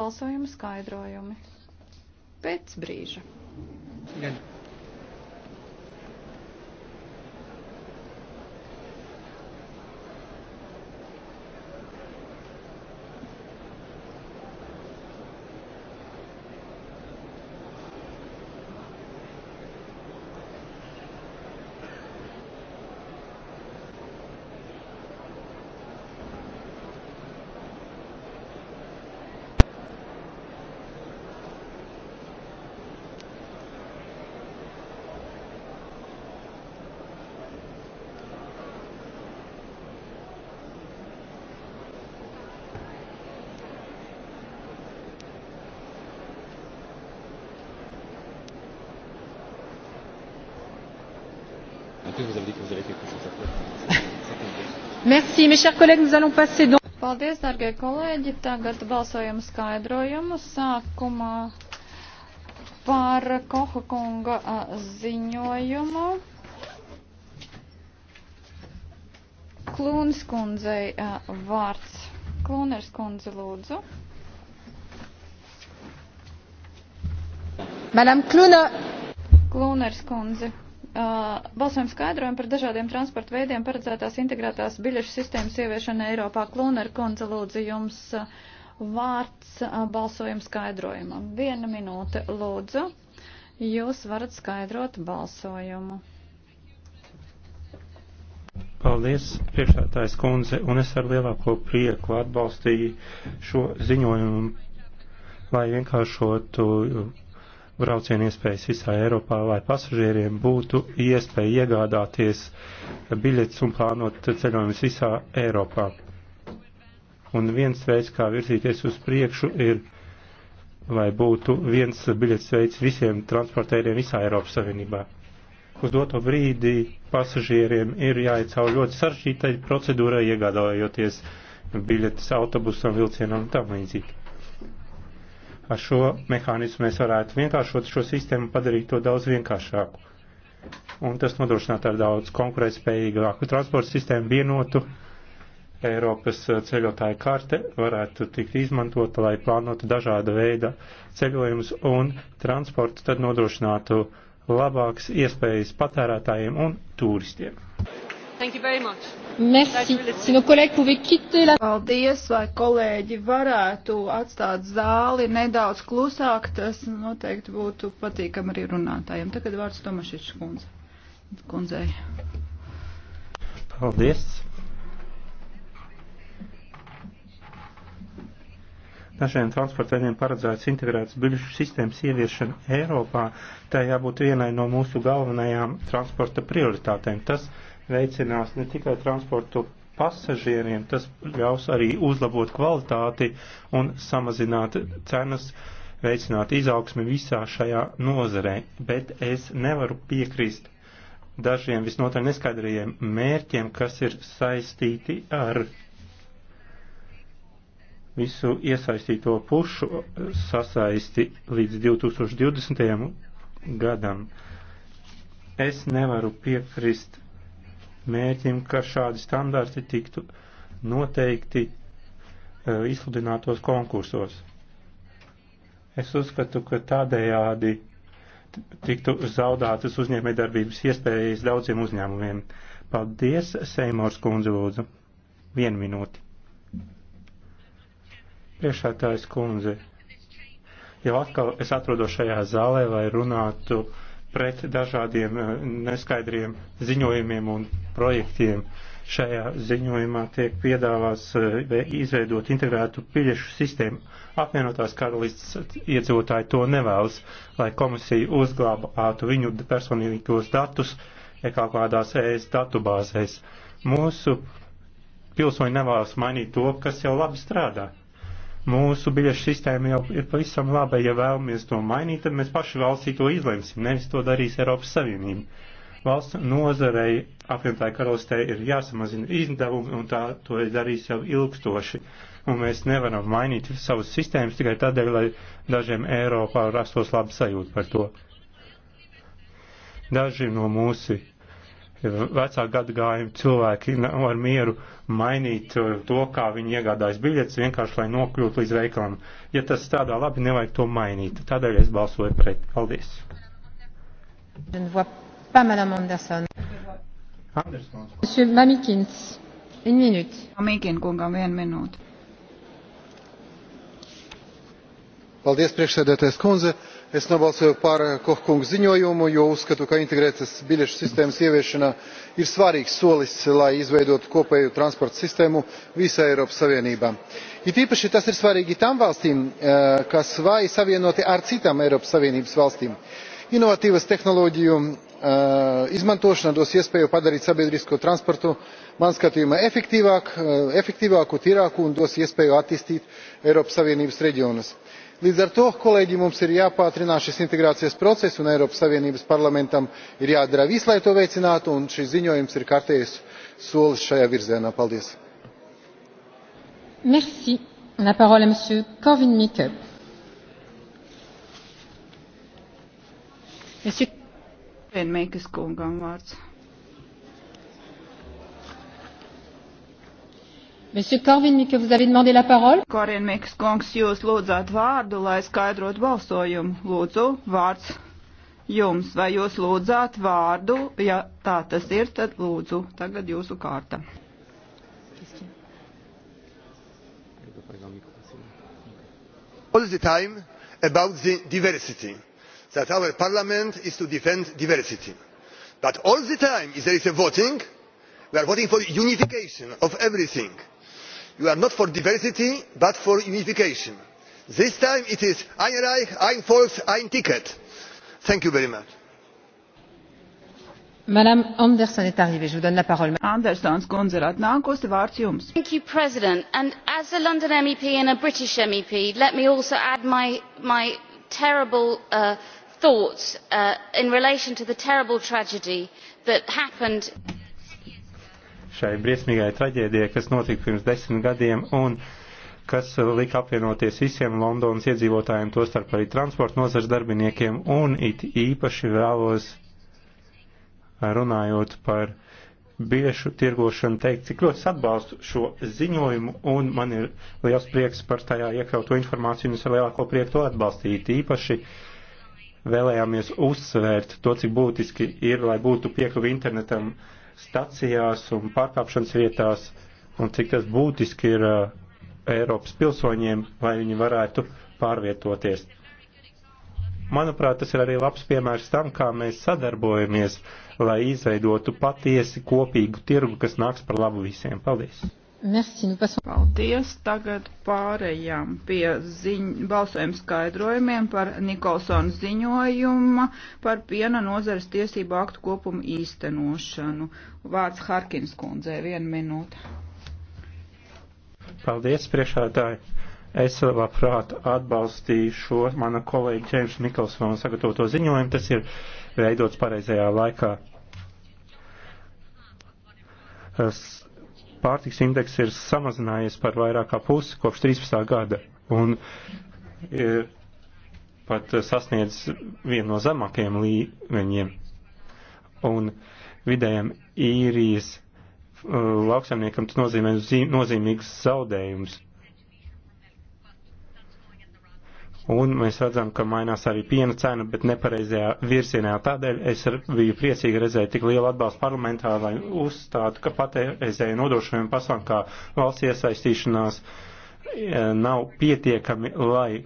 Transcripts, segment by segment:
Balsojuma skaidrojumi pēc brīža. Gan. Merci, mes chers collègues, nous allons passer donc. Paldies, darbie kolēģi. Tagad balsojam skaidrojumu sākumā par Koha kunga ziņojumu. Klūnas kundzei vārds. Klūners kundze lūdzu. Madam Klūna. Klūners kundze balsojumu skaidrojumu par dažādiem transporta veidiem paredzētās integrētās biļešu sistēmas ieviešana Eiropā. Klūner kundze lūdzu jums vārds balsojumu skaidrojumam. Viena minūte lūdzu. Jūs varat skaidrot balsojumu. Paldies, priekšētājs kundze, un es ar lielāko prieku atbalstīju šo ziņojumu, lai vienkāršotu braucienu iespējas visā Eiropā, lai pasažieriem būtu iespēja iegādāties biļetes un plānot ceļojumus visā Eiropā. Un viens veids, kā virzīties uz priekšu, ir, lai būtu viens biļets veids visiem transportēriem visā Eiropas Savienībā. Uz doto brīdi pasažieriem ir jāiet cauri ļoti saržģītai procedūrai, iegādājoties biļetes autobusam, vilcienam un tam līdzīgi. Ar šo mehānismu mēs varētu vienkāršot šo sistēmu, padarīt to daudz vienkāršāku. Un tas nodrošinātu ar daudz konkurētspējīgāku transporta sistēmu vienotu. Eiropas uh, ceļotāja karte varētu tikt izmantota, lai plānotu dažāda veida ceļojumus un transportu, tad nodrošinātu labākas iespējas patērētājiem un turistiem. Merci. Si nos collègues pouvaient quitter la... Paldies, vai kolēģi varētu atstāt zāli nedaudz klusāk, tas noteikti būtu patīkam arī runātājiem. Tagad vārds Tomašičs kundze. kundzei. Paldies. Dažiem transportveidiem paredzēts integrētas biļešu sistēmas ieviešana Eiropā, tā jābūt vienai no mūsu galvenajām transporta prioritātēm. Tas veicinās ne tikai transportu pasažieriem, tas ļaus arī uzlabot kvalitāti un samazināt cenas, veicināt izaugsmi visā šajā nozarē. Bet es nevaru piekrist dažiem visnotaļ neskaidrajiem mērķiem, kas ir saistīti ar visu iesaistīto pušu sasaisti līdz 2020. gadam. Es nevaru piekrist mērķim, ka šādi standarti tiktu noteikti e, izsludinātos konkursos. Es uzskatu, ka tādējādi tiktu zaudātas uzņēmējdarbības iespējas daudziem uzņēmumiem. Paldies, Seimors kundze, lūdzu. Vienu minūti. Priekšētājs kundze. Jau atkal es atrodos šajā zālē, lai runātu uh, pret dažādiem eh, neskaidriem ziņojumiem un projektiem. Šajā ziņojumā tiek piedāvās eh, izveidot integrētu piļešu sistēmu. Apvienotās karalists iedzīvotāji to nevēlas, lai komisija uzglābātu viņu personīgos datus kā kādās ES datubāzēs. Mūsu pilsoņi nevēlas mainīt to, kas jau labi strādā. Mūsu biļešu sistēma jau ir pavisam laba, ja vēlamies to mainīt, tad mēs paši valstī to izlemsim, nevis to darīs Eiropas Savienība. Valsts nozarei apvienotāji karalistē ir jāsamazina izdevumi, un tā to ir darījis jau ilgstoši. Un mēs nevaram mainīt savas sistēmas tikai tādēļ, lai dažiem Eiropā rastos labi sajūta par to. Daži no mūsu vecā gada gājuma cilvēki var mieru mainīt uh, to, kā viņi iegādājas biļetes, vienkārši lai nokļūtu līdz veikalam. Ja tas strādā labi, nevajag to mainīt. Tādēļ es balsoju pret. Paldies. Mamikins, Mamikins kungam vienu minūti. Paldies, priekšsēdētājs kundze es nobalsoju par kohkunga ziņojumu jo uzskatu ka integrētas biļešu sistēmas ieviešana ir svarīgs solis lai izveidotu kopēju transporta sistēmu visā eiropas savienībā. it īpaši tas ir svarīgi tām valstīm eh, kas vāji savienoti ar citām eiropas savienības valstīm. inovatīvas tehnoloģiju eh, izmantošana dos iespēju padarīt sabiedrisko transportu man skatījumā eh, efektīvāku tīrāku un dos iespēju attīstīt eiropas savienības reģionus līdz ar to kolēģi mums ir jāpātrina šis integrācijas process un eiropas savienības parlamentam ir jādara viss lai to veicinātu un šis ziņojums ir kārtējs solis šajā virzienā. paldies! korvin mikkes kungam vārds. Monsieur Korvin Mikke, vous avez demandé la parole. Korvin Mikke, kungs, jūs lūdzāt vārdu, lai skaidrotu balsojumu. Lūdzu, vārds jums. Vai jūs lūdzāt vārdu? Ja tā tas ir, tad lūdzu, tagad jūsu kārta. All the time about the diversity, that our parliament is to defend diversity. But all the time, if there is a voting, we are voting for unification of everything you are not for diversity but for unification. this time it is ein reich ein volk ein ticket. thank you very much. Andersons kundze ir atnākusi, vārds jums. You, as a london mep and a british mep let me also add my, my terrible uh, thoughts uh, in relation to the terrible tragedy that happened šai briesmīgai traģēdijai, kas notika pirms desmit gadiem un kas lika apvienoties visiem Londonas iedzīvotājiem, tostarp arī transporta nozars darbiniekiem, un it īpaši vēlos runājot par biešu tirgošanu teikt, cik ļoti atbalstu šo ziņojumu, un man ir liels prieks par tajā iekļauto informāciju, un es ar lielāko prieku to atbalstīt. Īpaši vēlējāmies uzsvērt to, cik būtiski ir, lai būtu piekļuvi internetam uh, stacijās un pārkāpšanas vietās, un cik tas būtiski ir uh, Eiropas pilsoņiem, lai viņi varētu pārvietoties. Manuprāt, tas ir arī labs piemērs tam, kā mēs sadarbojamies, lai izveidotu patiesi kopīgu tirgu, kas nāks par labu visiem. Paldies! Merci, nu pasam. Paldies. Tagad pārējām pie ziņ, balsojuma skaidrojumiem par Nikolsona ziņojuma par piena nozares tiesību aktu kopumu īstenošanu. Vārds Harkins kundzei, viena minūte. Paldies, priekšādāji. Es labprāt atbalstīju šo mana kolēģa Čēnša Miklsona sagatavoto ziņojumu. Tas ir veidots pareizajā laikā. Es pārtiks indeks ir samazinājies par vairāk kā pusi kopš 13. gada un ir pat sasniedz vienu no zemākajiem līmeņiem. Un vidējiem īrijas uh, lauksaimniekam tas nozīmē nozīmīgs zaudējums. Un mēs redzam, ka mainās arī piena cena, bet nepareizajā virzienā. Tādēļ es biju priecīgi redzēt tik lielu atbalstu parlamentā, lai uzstātu, ka patērēzēju nodošajiem pasākumiem kā valsts iesaistīšanās e, nav pietiekami, lai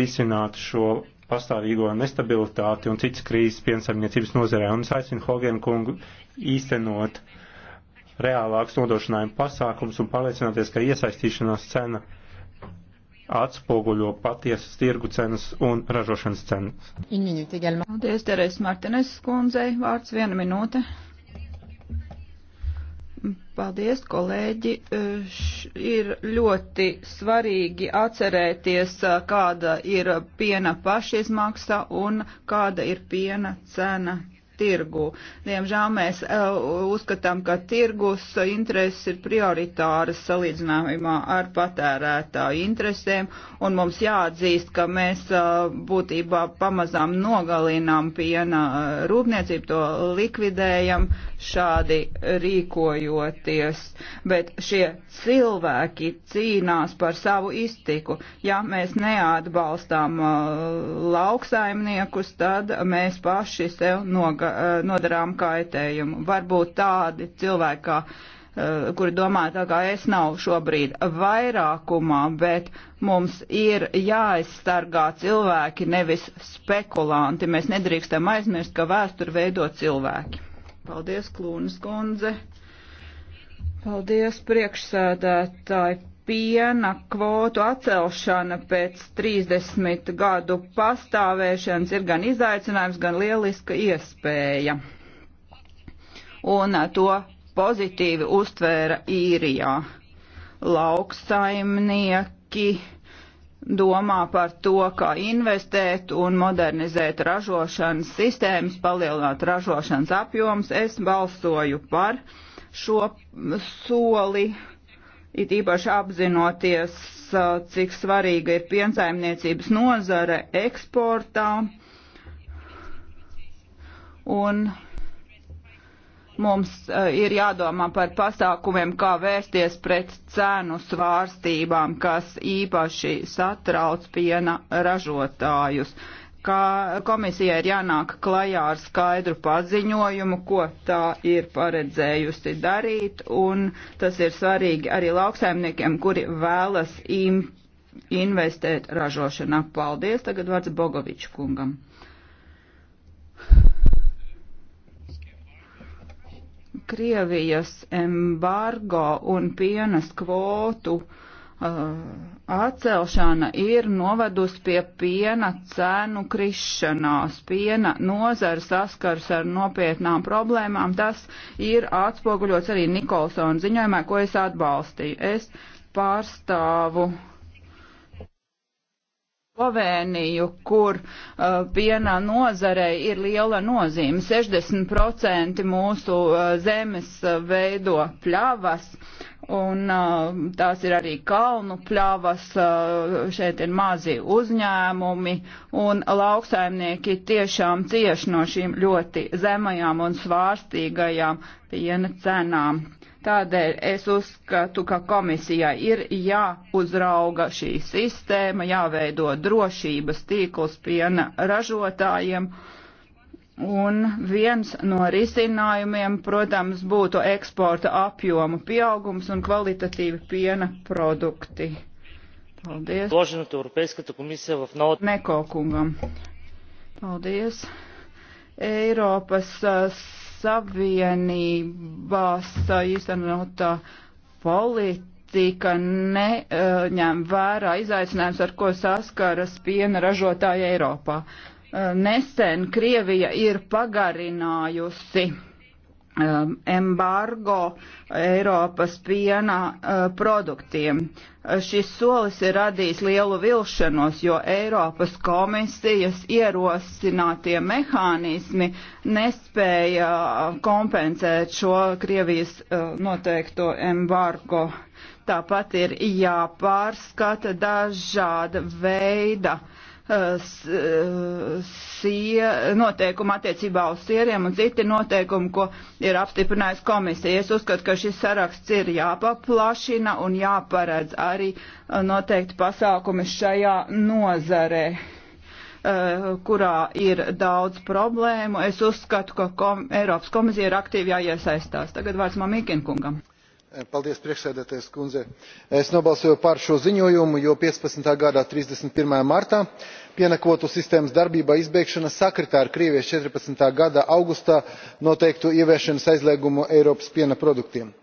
risinātu šo pastāvīgo nestabilitāti un citas krīzes piensaimniecības nozarē. Un es aicinu Hogenu kungu īstenot reālāks nodošinājumu pasākums un pārliecināties, ka iesaistīšanās cena atspoguļo patiesas tirgu cenas un ražošanas cenas. Paldies, Terēs Martines skundzei. Vārds viena minūte. Paldies, kolēģi. Š ir ļoti svarīgi atcerēties, kāda ir piena pašizmaksa un kāda ir piena cena tirgu. Diemžēl mēs eh, uzskatām, ka tirgus intereses ir prioritāras salīdzinājumā ar patērētāju interesēm, un mums jāatzīst, ka mēs eh, būtībā pamazām nogalinām piena eh, rūpniecību, to likvidējam šādi rīkojoties. Bet šie cilvēki cīnās par savu iztiku. Ja mēs neatbalstām lauksaimniekus, tad mēs paši sev nogalinām Eh, nodarām kaitējumu. Varbūt tādi cilvēki, kā, eh, kuri domā tā kā es nav šobrīd vairākumā, bet mums ir jāaizstargā cilvēki, nevis spekulanti. Mēs nedrīkstam aizmirst, ka vēsturi veido cilvēki. Paldies, Klūnas kundze. Paldies, priekšsēdētāji piena kvotu atcelšana pēc 30 gadu pastāvēšanas ir gan izaicinājums, gan lieliska iespēja. Un eh, to pozitīvi uztvēra īrijā. Lauksaimnieki domā par to, kā investēt un modernizēt ražošanas sistēmas, palielināt ražošanas apjoms. Es balsoju par šo soli it īpaši apzinoties, cik svarīga ir piensaimniecības nozare eksportā. Un mums ir jādomā par pasākumiem, kā vērsties pret cenu svārstībām, kas īpaši satrauc piena ražotājus ka komisija ir jānāk klajā ar skaidru paziņojumu, ko tā ir paredzējusi darīt, un tas ir svarīgi arī lauksaimniekiem, kuri vēlas im, investēt ražošanā. Paldies, tagad vārds Bogoviču kungam. Krievijas embargo un pienas kvotu uh, Eh, atcelšana ir novedusi pie piena cēnu krišanās. Piena nozara saskars ar nopietnām problēmām. Tas ir atspoguļots arī Nikolsona ziņojumā, ko es atbalstīju. Es pārstāvu uh, Sloveniju, kur uh, piena nozarei ir liela nozīme. 60% mūsu uh, zemes uh, veido pļavas, un uh, tās ir arī kalnu pļavas, uh, šeit ir mazi uzņēmumi, un lauksaimnieki tiešām cieš no šīm ļoti zemajām un svārstīgajām piena cenām. Tādēļ es uzskatu, ka komisijai ir jāuzrauga šī sistēma, jāveido drošības tīkls piena ražotājiem. Un viens no risinājumiem, protams, būtu eksporta apjomu pieaugums un kvalitatīvi piena produkti. Paldies. Neko kungam. Paldies. Eiropas uh, Savienībās īstenotā politika neņem vērā izaicinājums, ar ko saskaras piena ražotāji Eiropā. Nesen Krievija ir pagarinājusi Um, embargo Eiropas piena uh, produktiem. Uh, šis solis ir radījis lielu vilšanos, jo Eiropas komisijas ierosinātie mehānismi nespēja kompensēt šo Krievijas uh, noteikto embargo. Tāpat ir jāpārskata dažāda veida uh, sie, noteikumi attiecībā uz sieriem un citi noteikumi, ko ir apstiprinājusi komisija. Es uzskatu, ka šis saraksts ir jāpaplašina un jāparedz arī uh, noteikti pasākumi šajā nozarē uh, kurā ir daudz problēmu. Es uzskatu, ka kom Eiropas komisija ir aktīvi jāiesaistās. Tagad vārds Mamīkin kungam. Eh, priekšsēdētājas kundze es nobalsoju par šo ziņojumu jo 15. gada 31. martā pienekvotu sistēmas darbībā izbeigšana sakritā ar krievijas 14. gada augustā noteikto ieviešanas aizliegumu eiropas piena produktiem.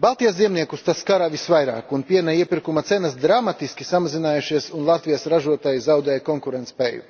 baltijas zemniekus tas skar visvairāk un piena iepirkuma cenas dramatiski samazinājušās un latvijas ražotāji zaudēja konkurētspēju.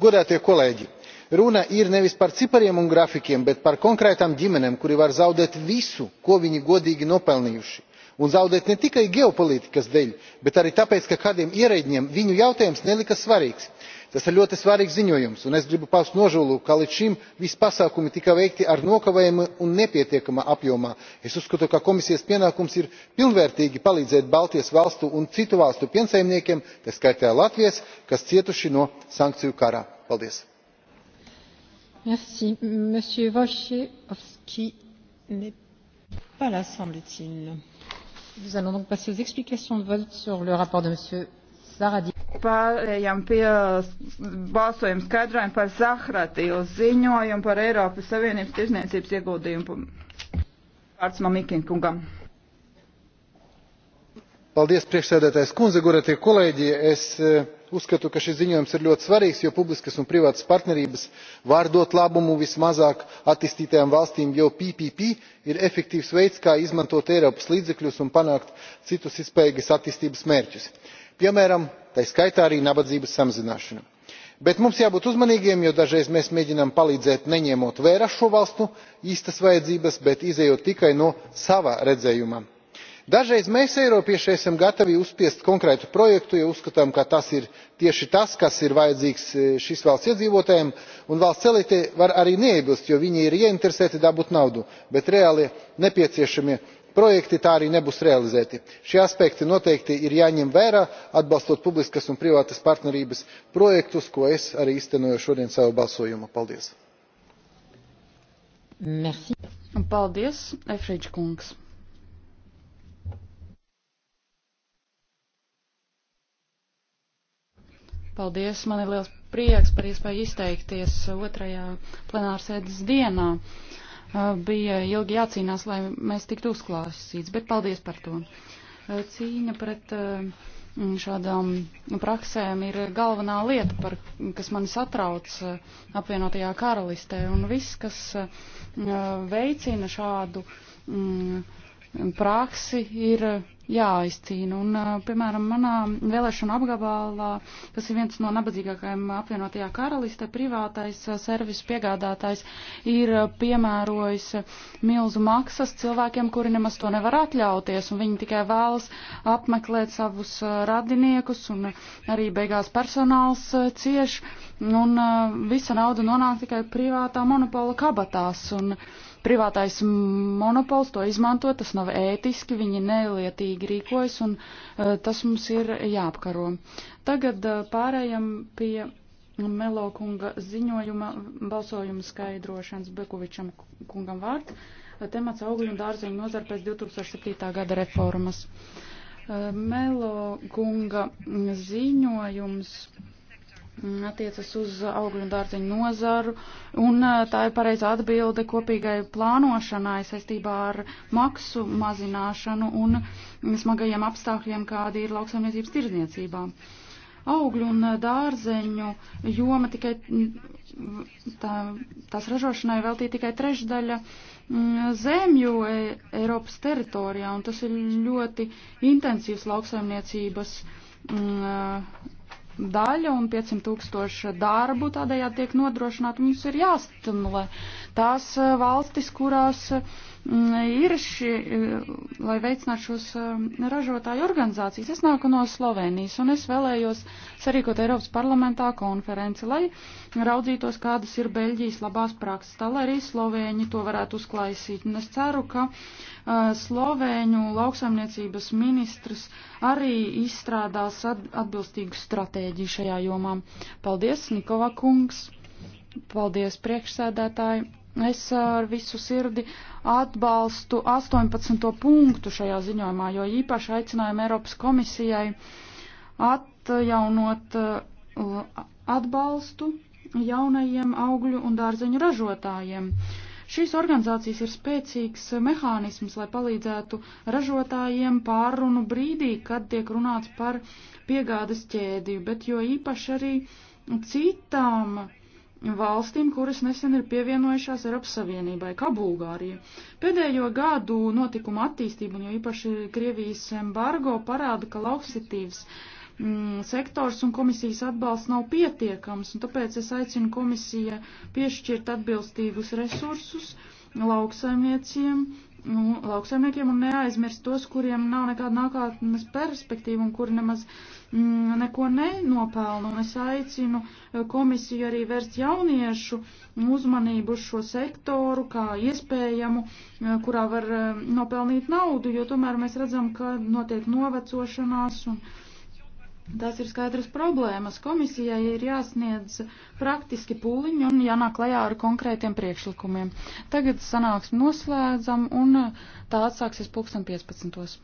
godātie kolēģi! runa ir nevis par cipariem un grafikiem bet par konkrētām ģimenēm kuri var zaudēt visu ko viņi godīgi nopelnījuši un zaudēt ne tikai ģeopolitikas dēļ bet arī tāpēc ka kādiem ierēdņiem viņu jautājums nelikas svarīgs. tas ir ļoti svarīgs ziņojums un es gribu paust nožēlu ka līdz šim visi pasākumi tika veikti ar nokavējumu un nepietiekamā apjomā. es uzskatu ka komisijas pienākums ir pilnvērtīgi palīdzēt baltijas valstu un citu valstu piensaimniekiem tā skaitā latvijas kas cietuši no sankciju kara. paldies! Merci. Monsieur Wojciechowski n'est pas là, semble-t-il. Nous allons donc passer aux explications de vote sur le rapport de Monsieur Saradi. Pārējām pie balsojuma skaidrojumu par Zahratiju ziņojumu par Eiropas Savienības tirzniecības ieguldījumu. Vārds Mamikina kungam. Paldies, priekšsēdētājs kundze, guratie kolēģi. Es uzskatu ka šis ziņojums ir ļoti svarīgs jo publiskas un privātas partnerības var dot labumu vismazāk attīstītajām valstīm jo ppp ir efektīvs veids kā izmantot eiropas līdzekļus un panākt citus ilgtspējīgas attīstības mērķus piemēram tai skaitā arī nabadzības samazināšanu. bet mums jābūt uzmanīgiem jo dažreiz mēs mēģinām palīdzēt neņemot vērā šo valstu īstās vajadzības bet izējot tikai no sava redzējuma dažreiz mēs eiropieši esam gatavi uzspiest konkrētu projektu jo uzskatām ka tas ir tieši tas kas ir vajadzīgs e, šīs valsts iedzīvotājiem un valsts elite var arī neiebilst jo viņi ir ieinteresēti dabūt naudu bet reāli nepieciešamie projekti tā arī nebūs realizēti. šie aspekti noteikti ir jāņem vērā atbalstot publiskas un privātas partnerības projektus ko es arī īstenoju šodien savā balsojumā. paldies! Merci. Paldies, Efriģ kungs! Paldies, man ir liels prieks par iespēju izteikties otrajā plenārsēdes dienā. Uh, bija ilgi jācīnās, lai mēs tiktu uzklāsīts, bet paldies par to. Uh, cīņa pret uh, šādām praksēm ir galvenā lieta, par, kas mani satrauc apvienotajā karalistē, un viss, kas veicina šādu mm, praksi, ir jāizcīna. Un, piemēram, manā vēlēšana apgabalā, kas ir viens no nabadzīgākajiem apvienotajā karalistē, privātais servis piegādātājs ir piemērojis milzu maksas cilvēkiem, kuri nemaz to nevar atļauties, un viņi tikai vēlas apmeklēt savus radiniekus, un arī beigās personāls cieš, un visa nauda nonāk tikai privātā monopola kabatās. Un, Privātais monopols to izmanto, tas nav ētiski, viņi nelietīgi atbildīgi rīkojas, un eh, tas mums ir jāapkaro. Tagad eh, pārējam pie Melo kunga ziņojuma balsojuma skaidrošanas Bekovičam kungam vārds. Eh, temats augļu un dārzeņu nozara pēc 2007. gada reformas. Melo kunga ziņojums Mm, attiecas uz augļu un dārziņu nozaru, un tā ir pareiza atbilde kopīgai plānošanai saistībā ar maksu mazināšanu un smagajiem apstākļiem, kādi ir lauksaimniecības tirdzniecībā. Augļu un dārzeņu joma tikai mm, tā, tās ražošanai veltīja tikai trešdaļa mm, zemju e, Eiropas teritorijā, un tas ir ļoti intensīvs lauksaimniecības daļa un 500 tūkstoši darbu tādējādi tiek nodrošināti. Mums ir jāstimulē tās eh, valstis, kurās uh, ir šī, lai veicinātu šos eh, ražotāju organizācijas. Es nāku no Slovenijas un es vēlējos sarīkot Eiropas parlamentā konferenci, lai raudzītos, kādas ir Beļģijas labās prakses, tā lai arī Slovēņi to varētu uzklaisīt. Un es ceru, ka eh, Slovēņu lauksaimniecības ministrs arī izstrādās atbilstīgu stratēģiju šajā jomā. Paldies, Nikova kungs! Paldies, priekšsēdētāji! Es ar visu sirdi atbalstu 18. punktu šajā ziņojumā, jo īpaši aicinājumu Eiropas komisijai atjaunot uh, atbalstu jaunajiem augļu un dārzeņu ražotājiem. Šīs organizācijas ir spēcīgs mehānisms, lai palīdzētu ražotājiem pārrunu brīdī, kad tiek runāts par piegādes ķēdi, bet jo īpaši arī citām valstīm, kuras nesen ir pievienojušās Eiropas Savienībai, kā Bulgārija. Pēdējo gadu notikuma attīstība, un jo īpaši Krievijas embargo, parāda, ka lauksitīvs mm, sektors un komisijas atbalsts nav pietiekams, un tāpēc es aicinu komisija piešķirt atbilstīgus resursus lauksaimnieciem, nu, lauksaimniekiem un neaizmirst tos, kuriem nav nekāda nākotnes perspektīva un kuri nemaz mm, neko nenopelna. Un es aicinu e, komisiju arī vērst jauniešu uzmanību uz šo sektoru kā iespējamu, e, kurā var e, nopelnīt naudu, jo tomēr mēs redzam, ka notiek novecošanās un Tās ir skaidras problēmas. Komisijai ir jāsniedz praktiski pūliņi un jānāk lajā ar konkrētiem priekšlikumiem. Tagad sanāksim noslēdzam un tā atsāksies pulksten 15.